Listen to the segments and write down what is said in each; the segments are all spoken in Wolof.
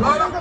loolu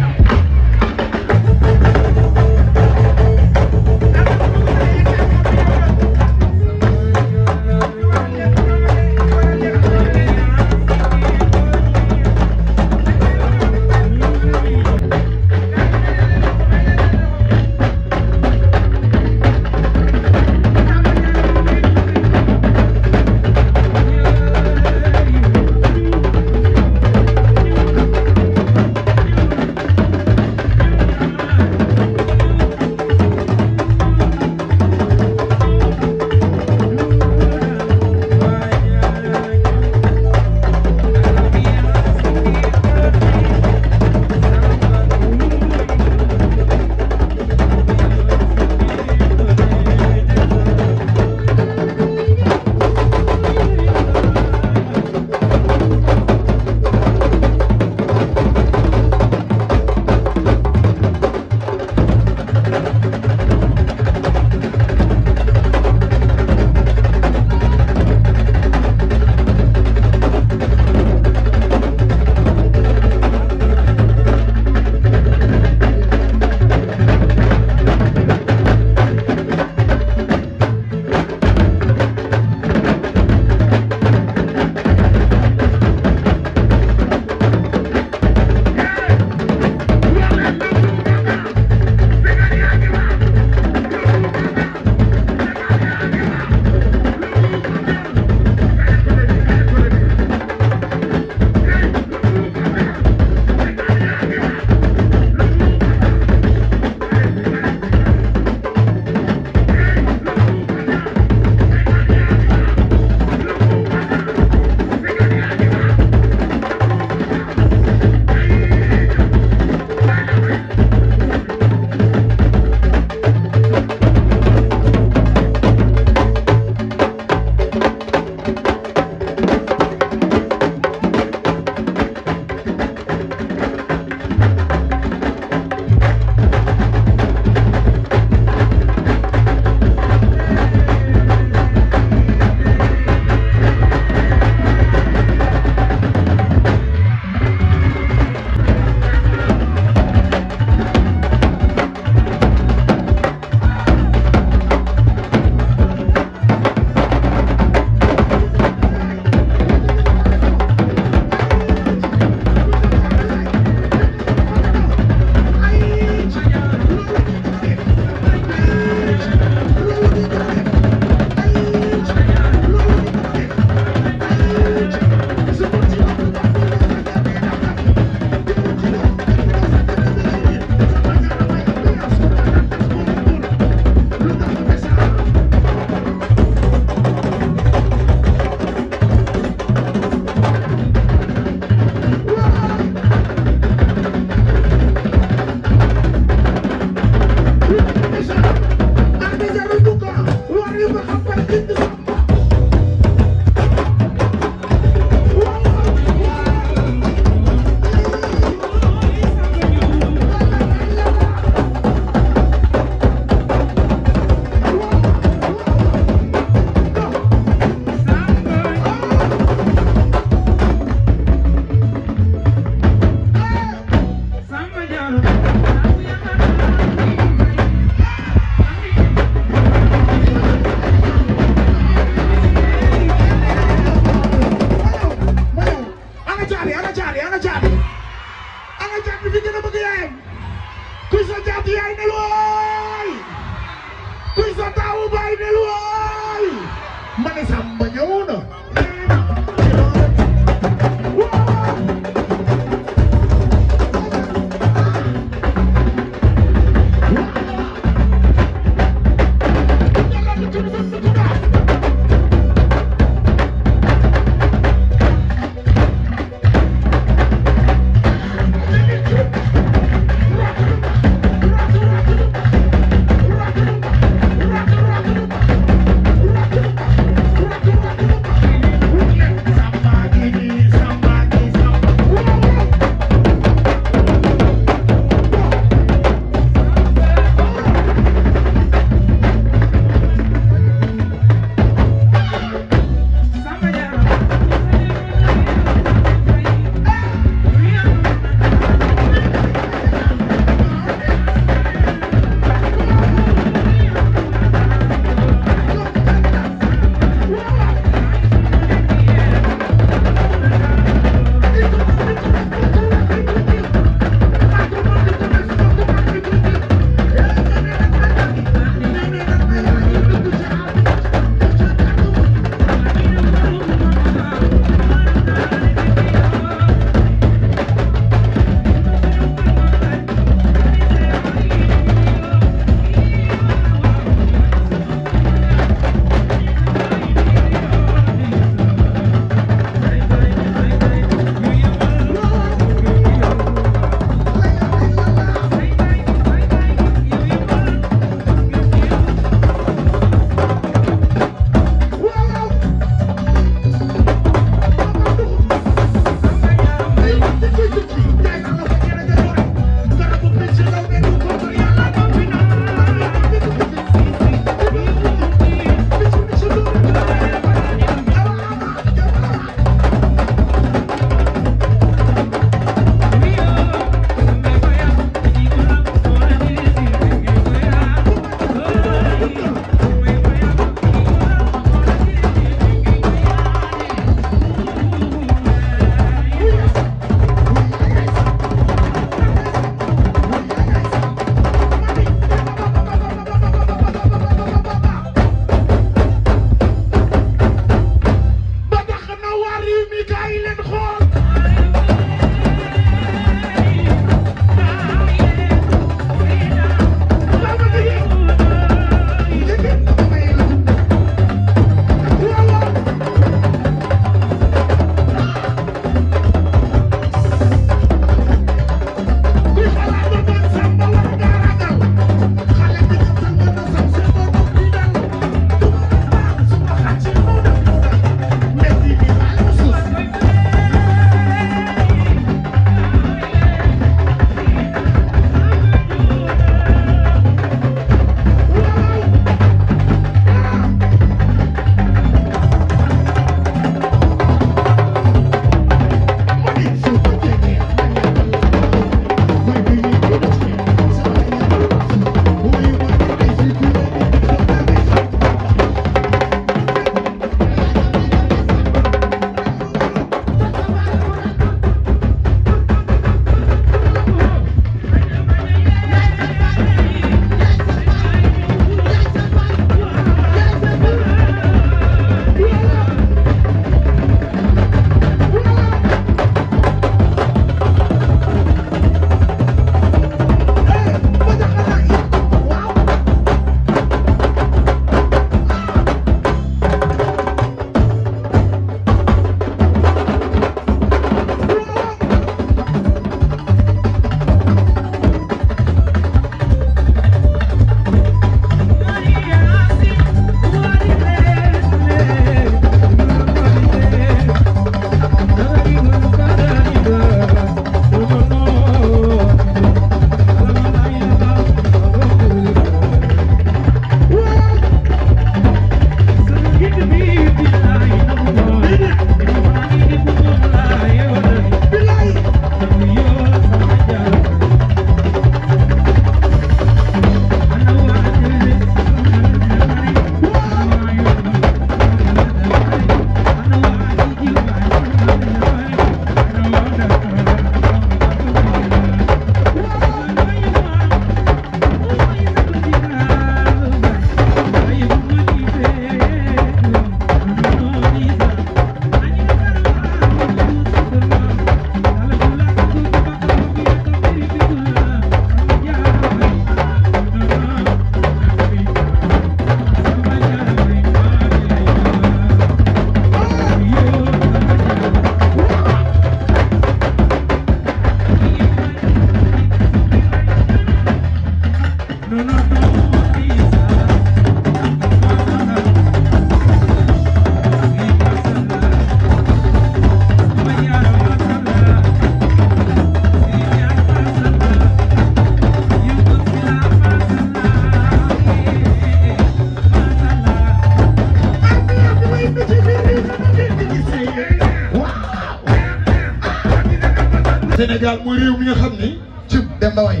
Sénégal mooy réew mi nga xam ni cib dem ba way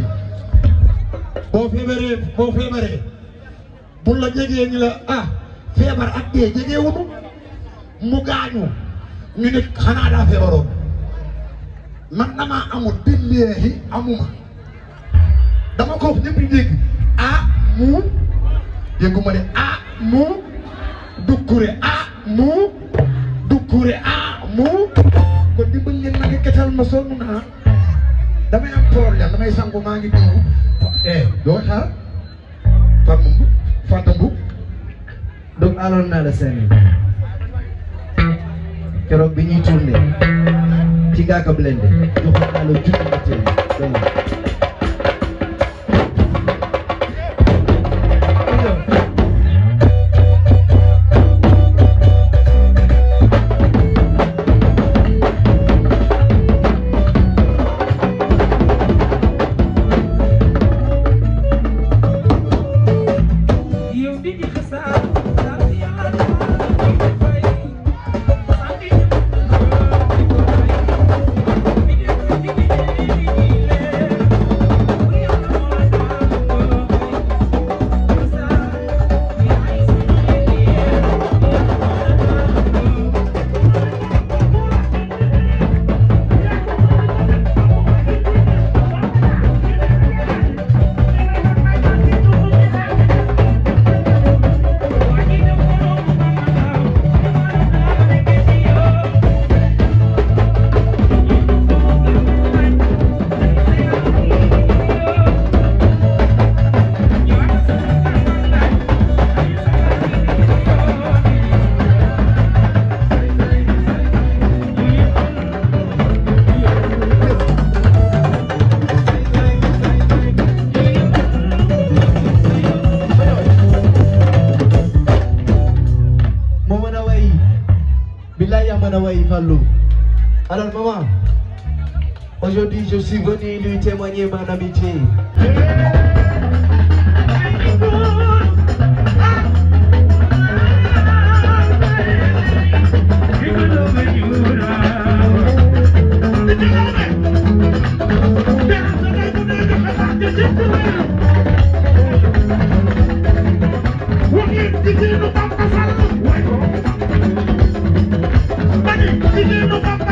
boo feebaree boo feebaree bu la jegee ñu la ah feebar ak dee jegee wutu mu gaañu ñu ne xanaa daa feebaroon man damaa amul billaahi amuma Fatou Mboup donc aloon naa la seen keroog bi ñuy tourné ci Ngaaka Blindé joxoon naa la junni Menino da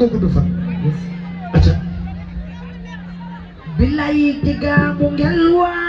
na ko gudd fan ata billahi tiga mu ngel waa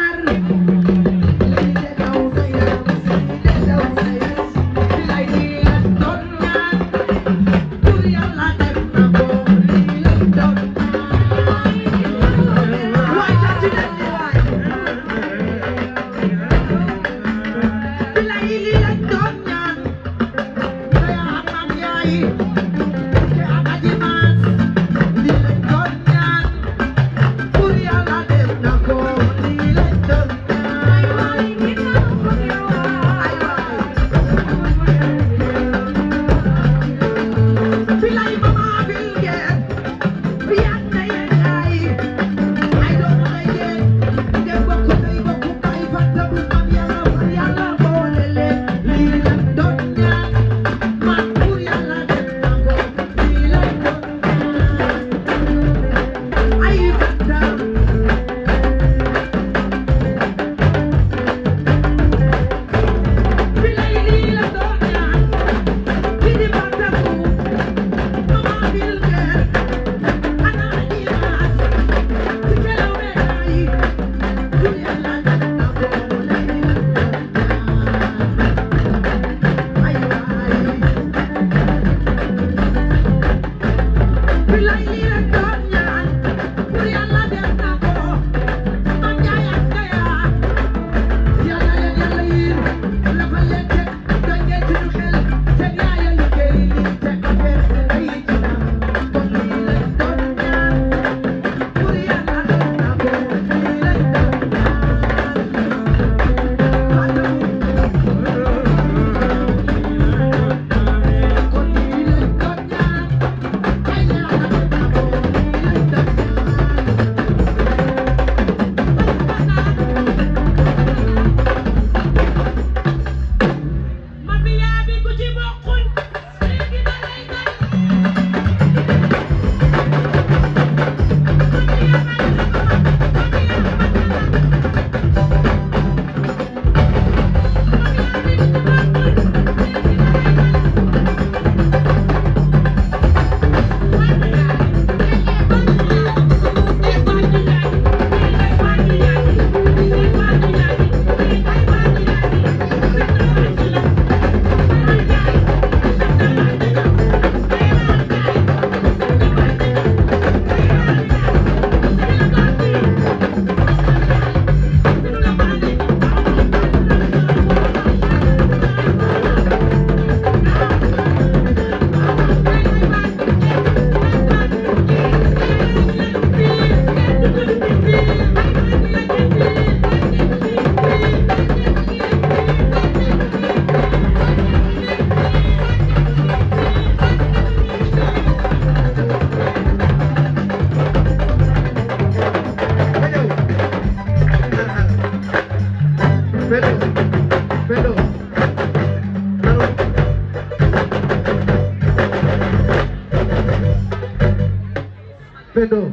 upendo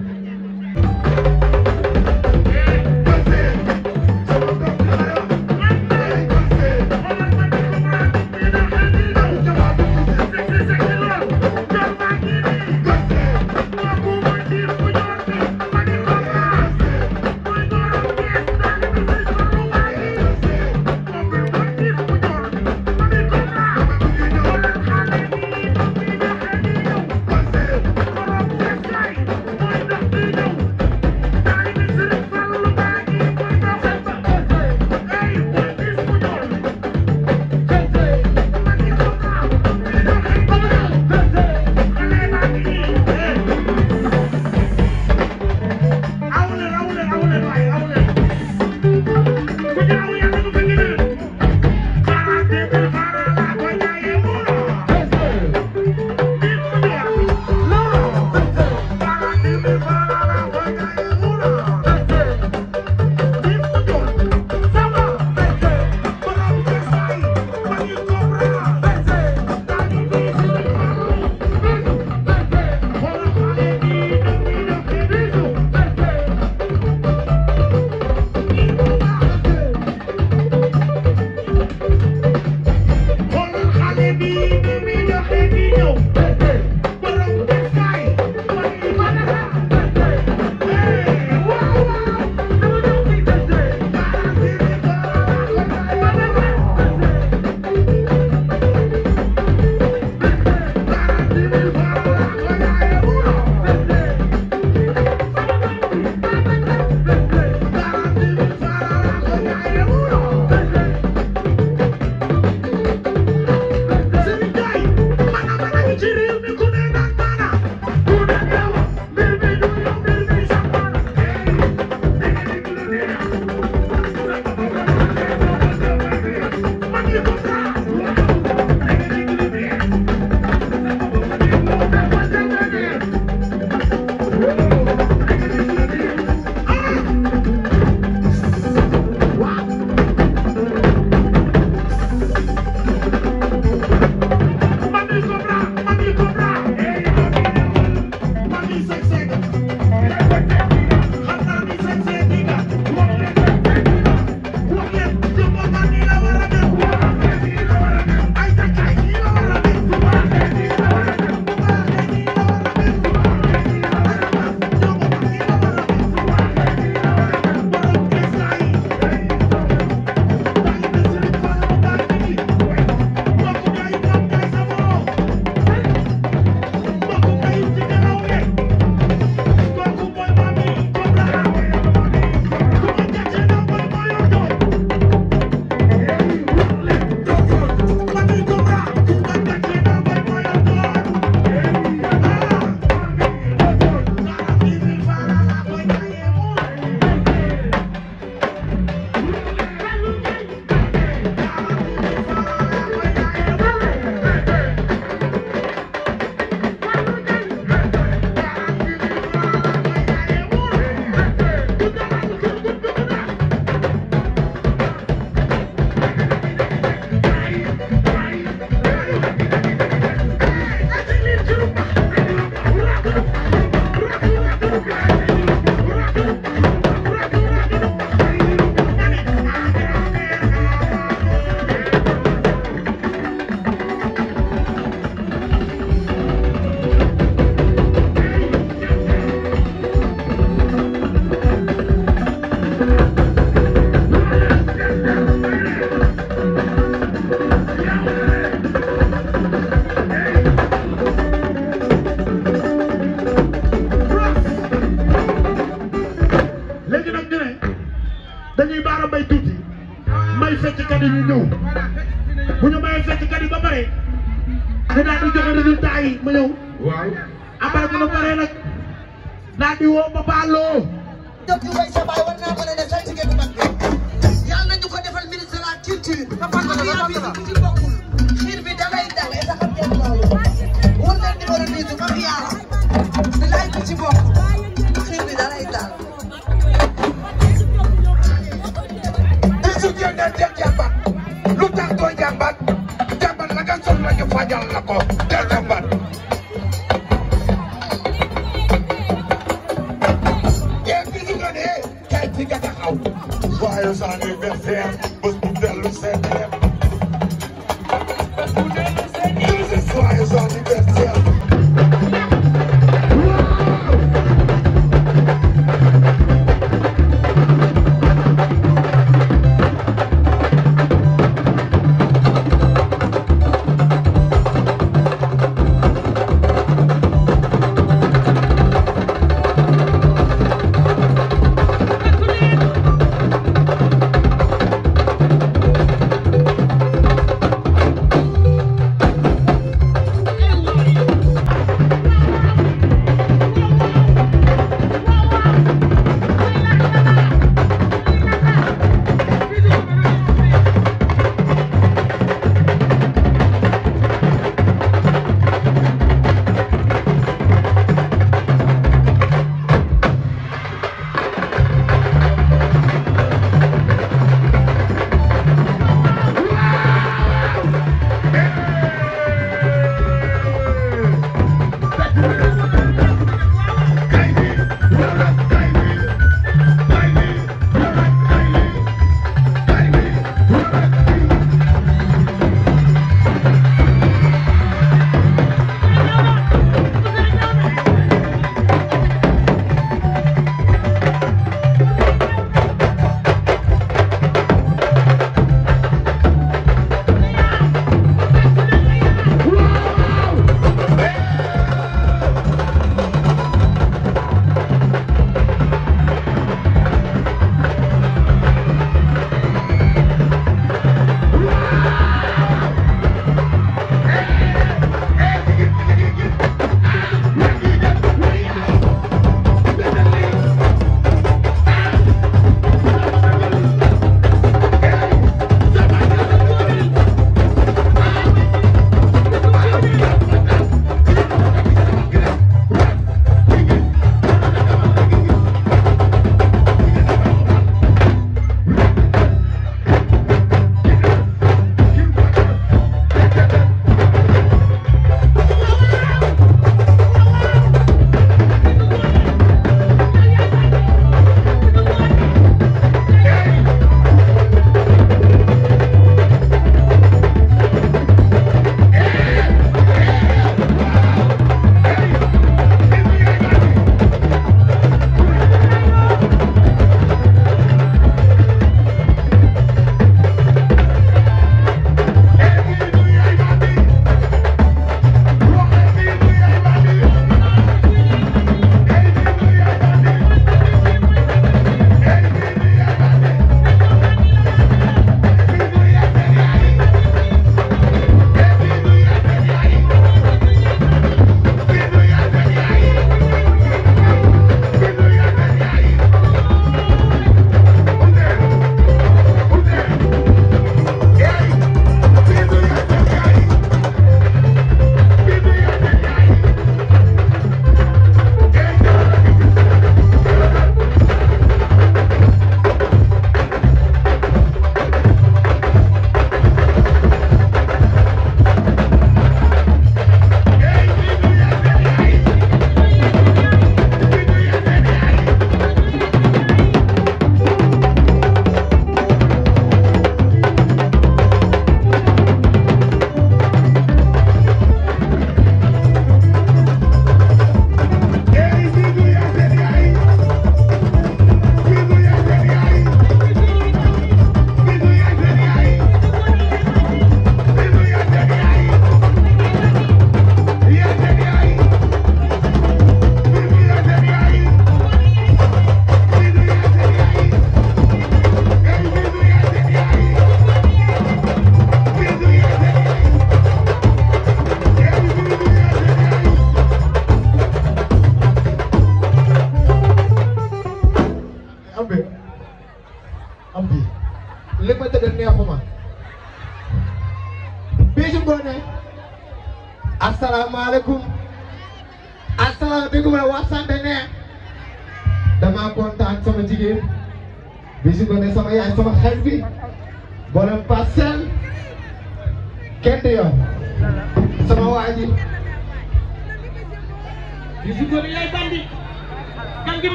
tal na ko te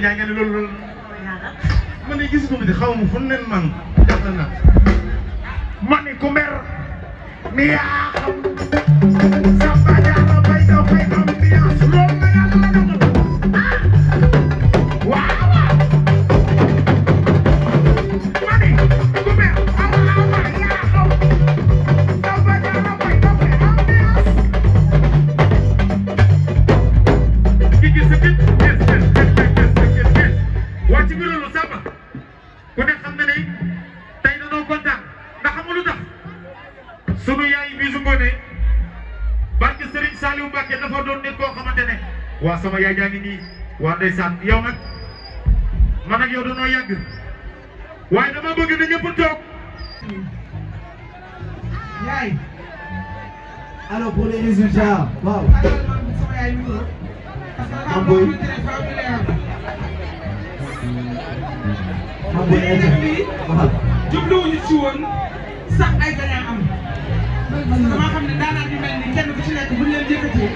Mbacke Ndiaye nga ne loolu loolu. man de gis nga xaw ma fu mu man def na naa. ma ne ku mer mi yaa xam. ndeysaan yow nag man ak yow danoo yàgg waaye dama bëgg na ñëpp toog. yaay. alors pour les résultats waaw. Mame Boye. Mame Boye ay jubluwuñu ci woon sax ay gagnant am. parce que damaa xam ne daanaka ñu mel ni kenn ku ci nekk buñ leen yëkkatee.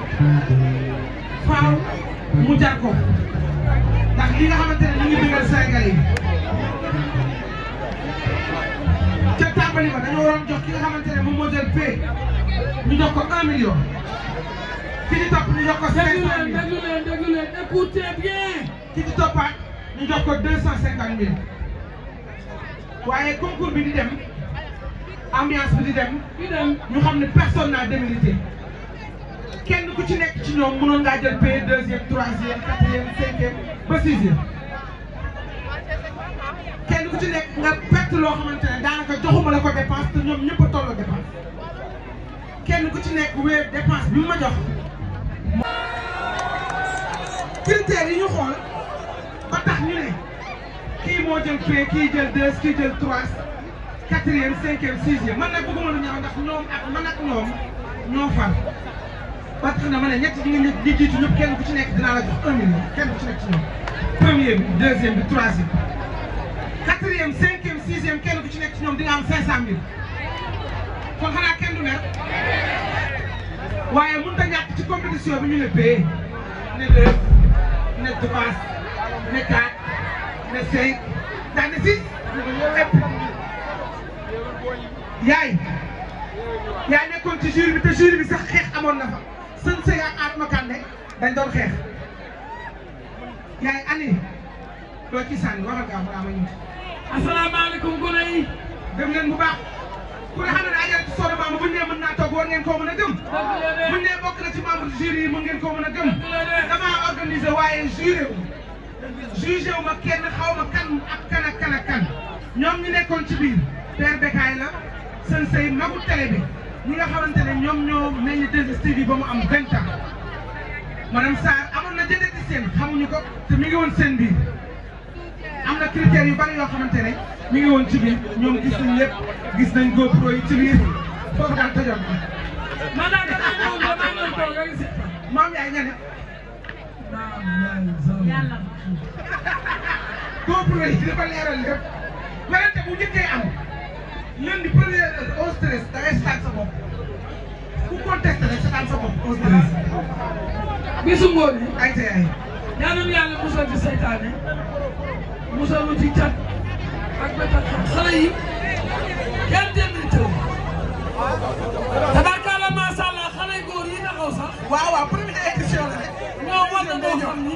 faaw mu jar ko. waroon jox ki nga xamante ne moom moo jël paie ñu ko un million. ki ci cent mille déglu leen déglu leen écoutez bien. ki ci toppaat ñu jox ko deux cent cinquante mille. waaye concours bi di dem ambiance bi di dem. di dem ñu xam ne kenn ku ci nekk ci ñoom mënoon ngaa jël paie deuxième ku ci nekk nga perte loo xamante ne daanaka joxuma la ko dépense te ñoom ñëpp a tolloo dépense kenn ku ci nekk wéer dépense bi mu ma jox. critères yi ñu xool ba tax ñu ne kii moo jël prix kii jël deux kii jël trois quatrième cinquième sixième man nag bëgguma lu ñaaw ndax ñoom ak man ak ñoom ñoo far ba tax na ma ne ñett ñi nga ñi jiitu ñëpp kenn ku ci nekk dinaa la jox un million kenn ku ci nekk ci ñoom premier bi deuxième bi troisième quatrième cinquième sixième kenn ku ci nekk ci ñoom di am cinq kon xanaa kenn du mer waaye mënut a ci compétition bi ñu ne bee ne deux ne trois ne quatre ne cinq daan ne six lépp yaay yaa nekkoon ci jury bi te jury bi sax xeex amoon na fa sën sëy dañ doon xeex yaay ani doo ci sànni waxal gaaw balaa ma ñëw. asalaamaaleykum gone yi. gëm leen bu baax. ku ne xam ne daa jël soo demee bu ñu nee mën naa toog war ngeen koo mën a gëm. bu ñu bokk na ci membre jury yi mën ngeen koo mën a gëm. damaa organiser waaye juré wu. jugé wu ma kenn xaw ma kan ak kan ak kan ñoom ñu nekkoon ci biir. père Bécaye la seen say magu bi ñi nga xamante ne ñoom ñoo meññ 2STV ba mu am vingt ans madame Sarr amoon na jëndati seen xamuñu ko te mi ngi woon am na critères yu bari yoo xamante ne mi ngi woon ci biir ñoom gis nañ lépp gis nañ GoPro yi ci biir foofu daal tëjoon na. man daal dama ñëw ba maa ngi toog rek si. moom yaay nga ne. yàlla. GoPro yi dafa leeral lépp. werante bu njëkkee am. lundi premier heure au stress da ngay seetaan sa bopp. ku contesté rek seetaan sa bopp au stress. bisu ngoon yi. ay te ay. ñaanal yàlla musal ci seytaane. musalu ci cat ak bétat xale yi kenn demul taw tabarkalla macha allah xale góor yi taxaw sax. waaw waaw première édition la rek. ñoo war na doo xam ni.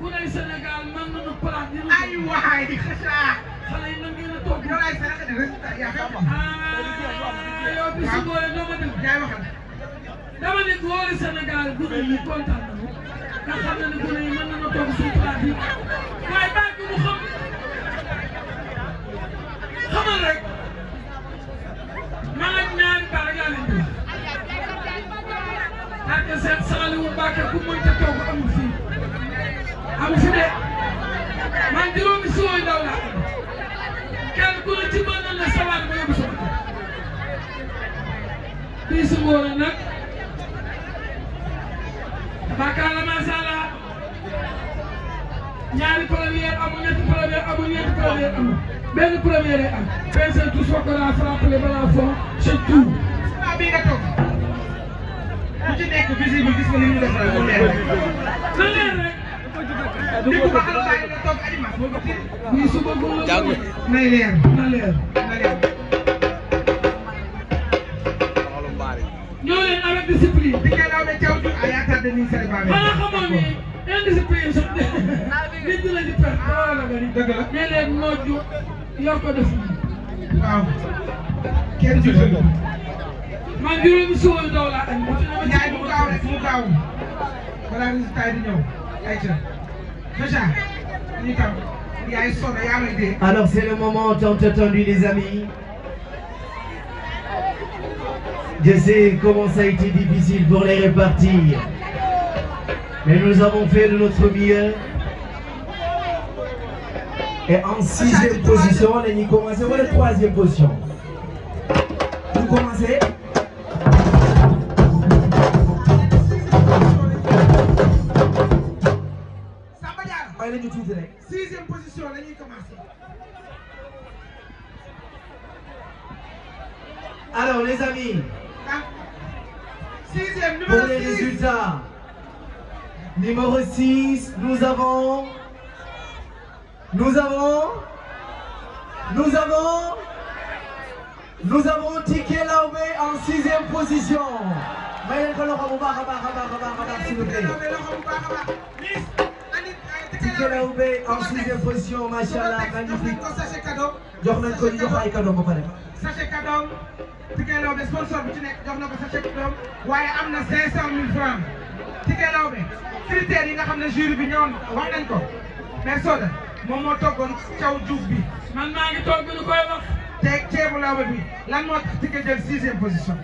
bu dee Sénégal mën nañu plaque ñu. ay waxaay di xasaa. xale yi mën ngeen a toog. yow ay sarax de résultat yaa xam nga. ah yow bisu góor yi ñoo ma déglu. yaa waxal dama ne góori Sénégal gune yi kontaan nañu. nga xam ne gune yi mën nañu toog suñu plaque yi. góor a nag tabaarkalla macha allah ñaari première amul ñetti première amul ñeenti première amul benn première am peese tout soo ko la frappé balaa fond c'est tout. waaw bii nga toog ku ci nekk visible gis nga ni mu def rek mu leer rek. na leer rek. dégg nga alxames la toog alima. muy suba góor la nay leer na leer na leer. ñu say bàmmeel. xanaa xamoon ni indiscipline sax nit ñi la di perte looloo ah, la nga di. dëgg la mais léegi moo ju yor ko def. waaw kenn ju dëgg. man juróomi suufu ndaw laa añ. ñaay mu gaaw rek mu gaaw balaa résultat di ñëw ayca déjà ñu tam yaay sonn yaa ngi dee. alors c'est le moment tant attendu les amis. Je sais comment ça a été difficile pour les répartir. mais nous avons fait de notre mieux. Et en sixième position, la ñuy commencé wala troisième position. Vous commencez. Samba Diarra. waaye la ñu tuuti rek. sixième position Numéro 6, nous avons... Nous avons... Nous avons... Nous avons Ticket Laobé en sixième position. may leen ko loxo bu baax a baax a baax a baax a baax s'il vous plaît. Ticket Laobé en sixième position macha allah magnifique. jox nañ ko jox ay cadeau ba pare. sachet cadeau Ticket Laobé sponsor bu ci nekk jox na ko sachet cadeau waaye am na 500000 francs. Cité Lawbe critères yi nga xam ne jury bi ñoom wax nañ ko mais Soda moom moo toggoon caw juuf bi. man maa ngi togg lu koy wax. teg ceebu lawbe bi lan moo tax Tike jël sixième position.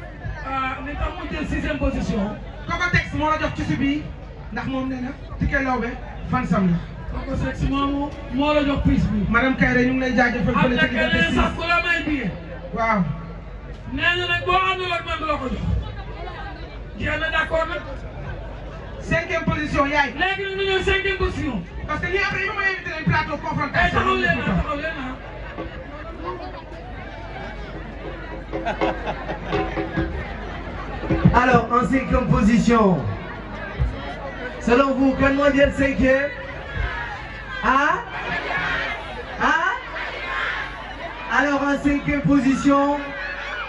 ah li tax mu jël sixième position. Cocotex moo la jox ci ndax moom nee na Tike Lawbe fan sam la. Cocotex moomu moo la jox prise bi. madame Kayre ñu ngi lay jaajëfal. am na keneen sax ku la may billet. waaw. nee na nag boo àndul ak man du cinquième position yaay. léegi nag ñu ñëw cinquième position. parce que ñii après ñu may invité leen plateau confrontation. Eh, taxaw leen ah taxaw leen ah. Alors, en cinquième position, selon vous, kan moo jël cinquième? Ah? Ah?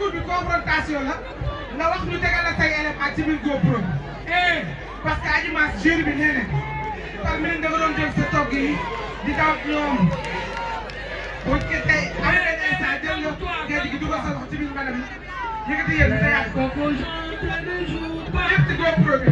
discours bi confrontation la nga wax ñu tegal ak say éléments ci biir GoPro eh parce que Adji Mass jury bi nee na par minute dafa doon jël sa togg yi di daw ñoom buñ ko tey am na benn instant jël nga géej gi dugal sa loxo ci biir madame yëkkati yéen da yàq ko lépp ci GoPro bi.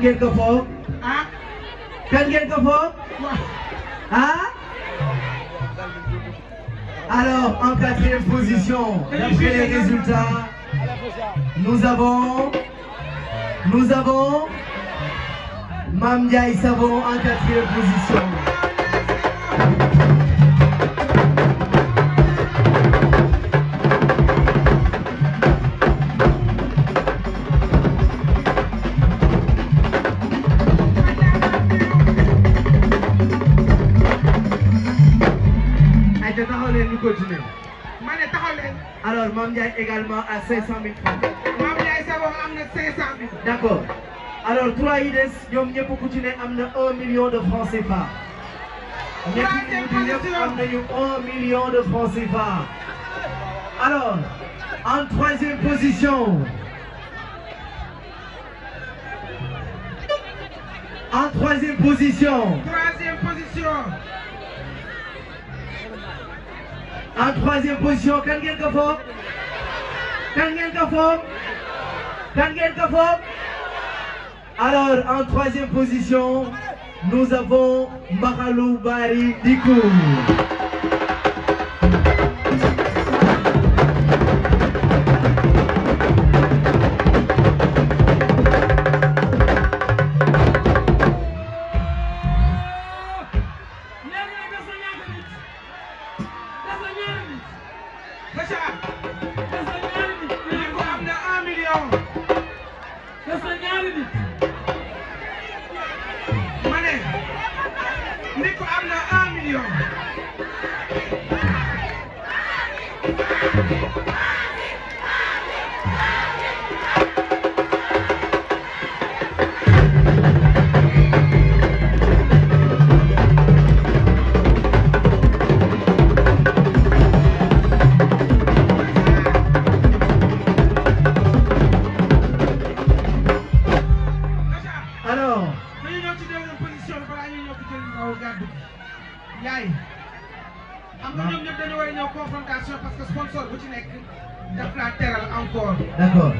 ngeen ko ah. kan ah. alors en quatrième position. d'après les résultats. nous avons. nous avons. Mame Savon en position. Mam Ndiaye également à 500000 francs. Mam Ndiaye sa bopp am na 500000. d' accord alors trois ku ci ne am de francs CFA. alors en troisième position. en troisième position. troisième position. en troisième kan ngeen ko foog kan ngeen ko foog alors en troisième position nous avons Mbaxalu Bari Dikoum non dañu ñoo tuddee woon position bi balaa ñuy ñëw di jël gàddu yaay xam nga ñoom ñëpp dañu war a ñëw confrontation parce que sponsor bu ci nekk daf naa teral encore. d' accord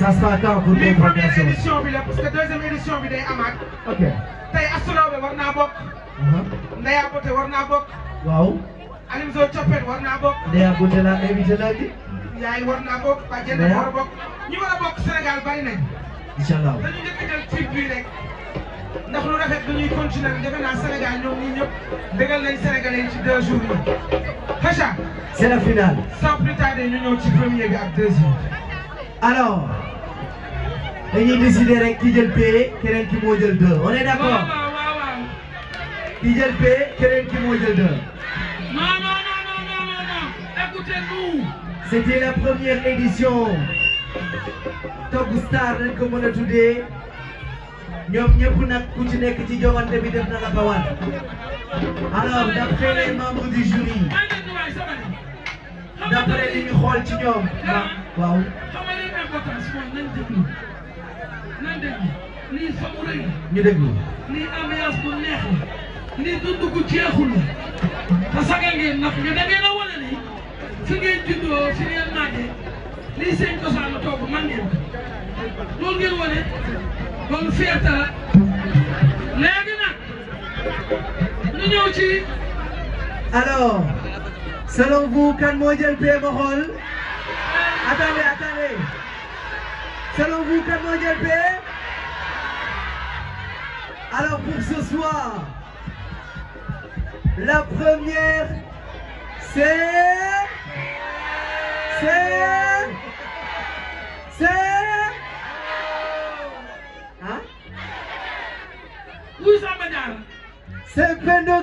ça sera quand pour confrontation bi édition bi la parce que deuxième édition bi day amaat. ok tey Astrolabe uh-huh. war naa bokk. Ndeya Bote war naa bokk. waaw. Alim Zo Coppet war naa bokk. Ndeya Bote laa invité laa ji. yaay war naa bokk. Badiane war a bokk. ñi war a bokk Sénégal bari nañ. incha allah dañu njëkk a jël clip bii rek ndax lu rafet lu ñuy continuer ñu ñëw ci premier bi ak deuxième. alors dañuy décider rek ki jël paie keneen ki moo jël deux on est d'accord. waaw waaw la première édition. togg star lañ ko mën a tuddee ñoom ku ci nekk ci joŋante bi def na la ci ñoom waaw. lii somu rëy la ñu déglu la lii dund gu jeexul la te saga ngeen ñu da ngeen a lii seen cosaan la togg man ngeen loolu ngeen wane loolu fierté la léegi nag ñu ñëw ci. alors selon vous kan moo jël pee ma xool attendez attendez selon vous kan moo jël pee alors pour ce soir la première c'est C'est. Hein? Où ça me C'est Benoît